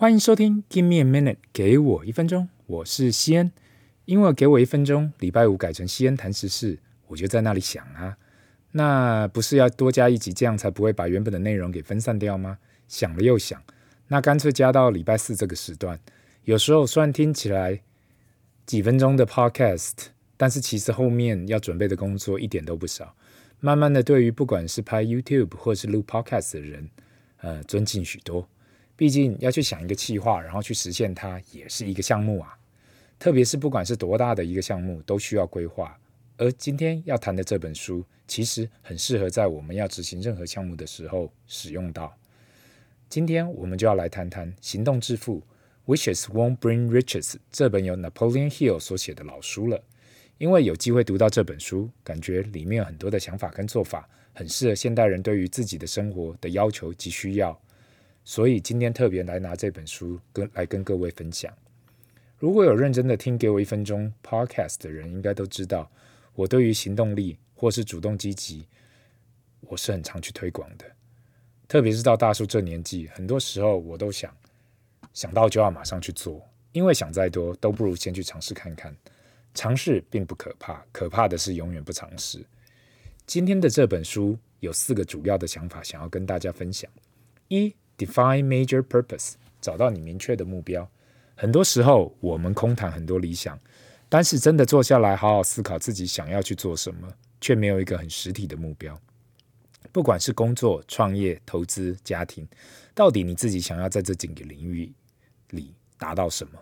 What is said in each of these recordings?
歡迎收聽《Give Me a Minute》，給我一分鐘，我是西恩。因為我給我一分鐘，禮拜五改成西恩談時事，我就在那裡想啊，那不是要多加一集，這樣才不會把原本的內容給分散掉嗎？想了又想，那乾脆加到禮拜四這個時段。有時候雖然聽起來幾分鐘的 Podcast，但是其實後面要準備的工作一點都不少。慢慢的，對於不管是拍 YouTube 或是錄 Podcast 的人，呃，尊敬許多。畢竟要去想一個計劃，然後去實現它，也是一個項目啊。特別是不管是多大的一個項目，都需要規劃。而今天要談的這本書，其實很適合在我們要執行任何項目的時候使用到。今天我們就要來談談《行動致富》，Wishes Won't Bring Riches，這本由 Napoleon Hill 所寫的老書了。因為有機會讀到這本書，感覺裡面有很多的想法跟做法，很適合現代人對於自己的生活的要求及需要。所以今天特別來拿這本書跟來跟各位分享。如果有認真的聽《給我一分鐘》Podcast 的人，應該都知道，我對於行動力或是主動積極，我是很常去推廣的。特別是到大叔這年紀，很多時候我都想想到就要馬上去做，因為想再多都不如先去嘗試看看。嘗試並不可怕，可怕的是永遠不嘗試。今天的這本書有四個主要的想法，想要跟大家分享。一 Define major purpose，找到你明確的目標。很多時候，我們空談很多理想，但是真的坐下來好好思考自己想要去做什麼，卻沒有一個很實體的目標。不管是工作、創業、投資、家庭，到底你自己想要在這幾個領域裡達到什麼？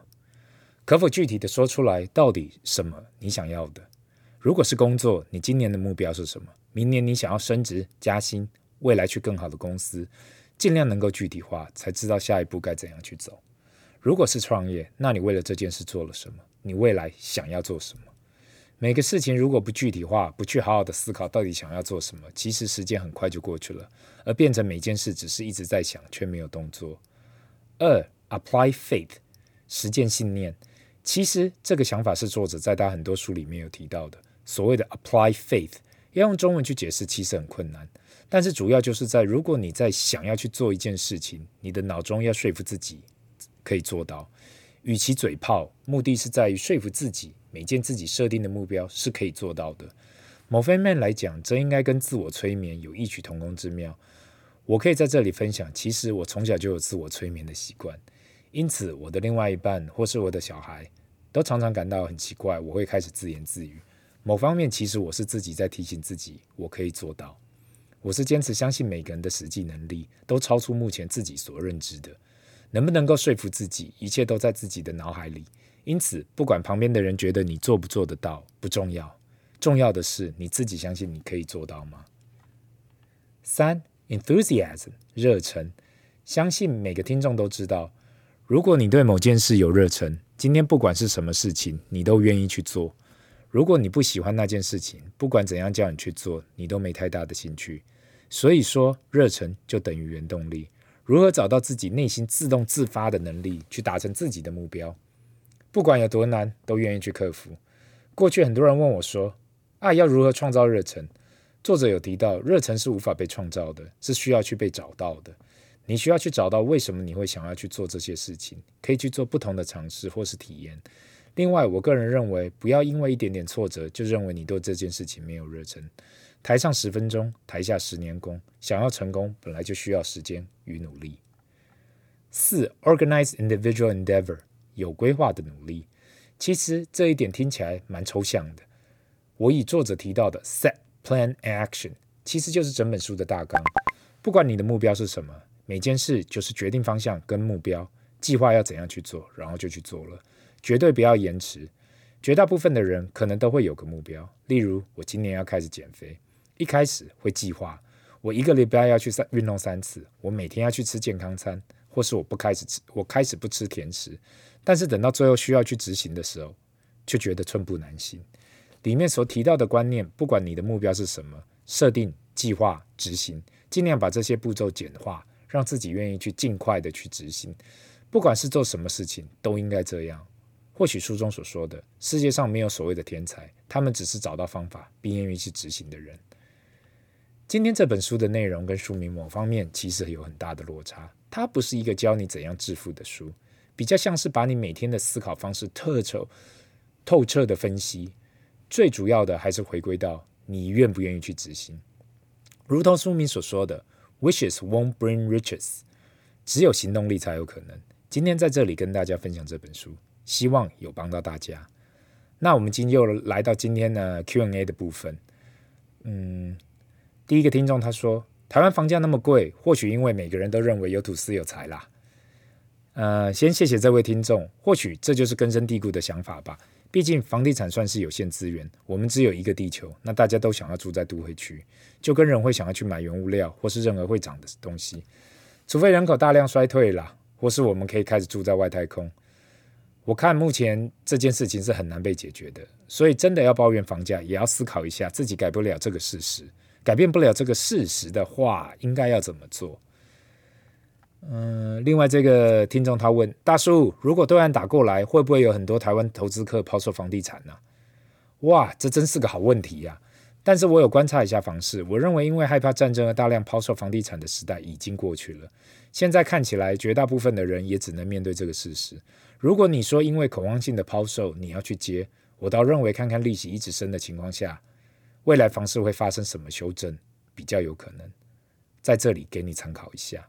可否具體的說出來？到底什麼你想要的？如果是工作，你今年的目標是什麼？明年你想要升職加薪，未來去更好的公司？盡量能夠具體化，才知道下一步該怎樣去走。如果是創業，那你為了這件事做了什麼？你未來想要做什麼？每個事情如果不具體化，不去好好的思考到底想要做什麼，其實時間很快就過去了，而變成每件事只是一直在想，卻沒有動作。二，apply faith，實踐信念。其實這個想法是作者在他很多書裡面有提到的，所謂的 apply faith，要用中文去解釋，其實很困難。但是主要就是在，如果你在想要去做一件事情，你的腦中要說服自己可以做到。與其嘴炮，目的是在於說服自己每件自己設定的目標是可以做到的。某方面來講，這應該跟自我催眠有異曲同工之妙。我可以在這裡分享，其實我從小就有自我催眠的習慣，因此我的另外一半或是我的小孩都常常感到很奇怪，我會開始自言自語。某方面，其實我是自己在提醒自己，我可以做到。我是堅持相信每個人的實際能力都超出目前自己所認知的，能不能夠說服自己，一切都在自己的腦海裡。因此，不管旁邊的人覺得你做不做得到，不重要，重要的是你自己相信你可以做到嗎？三，Enthusiasm 熱忱，相信每個聽眾都知道，如果你對某件事有熱忱，今天不管是什麼事情，你都願意去做。如果你不喜歡那件事情，不管怎樣叫你去做，你都沒太大的興趣。所以說，熱忱就等於原動力。如何找到自己內心自動自發的能力，去達成自己的目標？不管有多難，都願意去克服。過去很多人問我說：“啊，要如何創造熱忱？”作者有提到，熱忱是無法被創造的，是需要去被找到的。你需要去找到為什麼你會想要去做這些事情，可以去做不同的嘗試或是體驗。另外，我個人認為，不要因為一點點挫折就認為你對這件事情沒有熱忱。台上十分鐘，台下十年功，想要成功，本來就需要時間與努力。四，organize individual endeavor，有規劃的努力。其實這一點聽起來蠻抽象的。我以作者提到的 set plan and action，其實就是整本書的大綱。不管你的目標是什麼，每件事就是決定方向跟目標，計劃要怎樣去做，然後就去做了。絕對不要延遲。絕大部分的人可能都會有個目標，例如我今年要開始減肥。一開始會計劃，我一個禮拜要去三運動三次，我每天要去吃健康餐，或是我不開始吃，我開始不吃甜食。但是等到最後需要去執行的時候，卻覺得寸步難行。裡面所提到的觀念，不管你的目標是什麼，設定計劃執行，儘量把這些步驟簡化，讓自己願意去儘快的去執行。不管是做什麼事情，都應該這樣。或許書中所說的，世界上沒有所謂的天才，他們只是找到方法並願意去執行的人。今天這本書的內容跟書名某方面其實有很大的落差，它不是一個教你怎樣致富的書，比較像是把你每天的思考方式特徹透徹的分析。最主要的還是回歸到你願不願意去執行。如同書名所說的，“Wishes won't bring riches”，只有行動力才有可能。今天在這裡跟大家分享這本書。希望有幫到大家。那我們今又來到今天的 Q&A 的部分。嗯，第一個聽眾他說，台灣房價那麼貴，或許因為每個人都認為有土斯有財啦。呃，先謝謝這位聽眾。或許這就是根深蒂固的想法吧。畢竟房地產算是有限資源，我們只有一個地球，那大家都想要住在都會區，就跟人會想要去買原物料或是任何會漲的東西。除非人口大量衰退了，或是我們可以開始住在外太空。我看目前這件事情是很難被解決的，所以真的要抱怨房價，也要思考一下自己改不了這個事實，改變不了這個事實的話，應該要怎麼做？嗯，另外這個聽眾他問，大叔，如果對岸打過來，會不會有很多台灣投資客拋售房地產呢？啊？哇，這真是個好問題呀，啊！但是我有觀察一下房市，我認為因為害怕戰爭而大量拋售房地產的時代已經過去了。現在看起來，絕大部分的人也只能面對這個事實。如果你說因為恐慌性的拋售你要去接，我倒認為看看利息一直升的情況下，未來房市會發生什麼修正比較有可能。在這裡給你參考一下。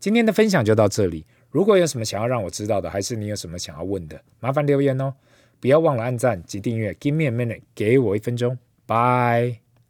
今天的分享就到這裡。如果有什麼想要讓我知道的，還是你有什麼想要問的，麻煩留言哦。不要忘了按讚及訂閱。Give me a minute，給我一分鐘。Bye。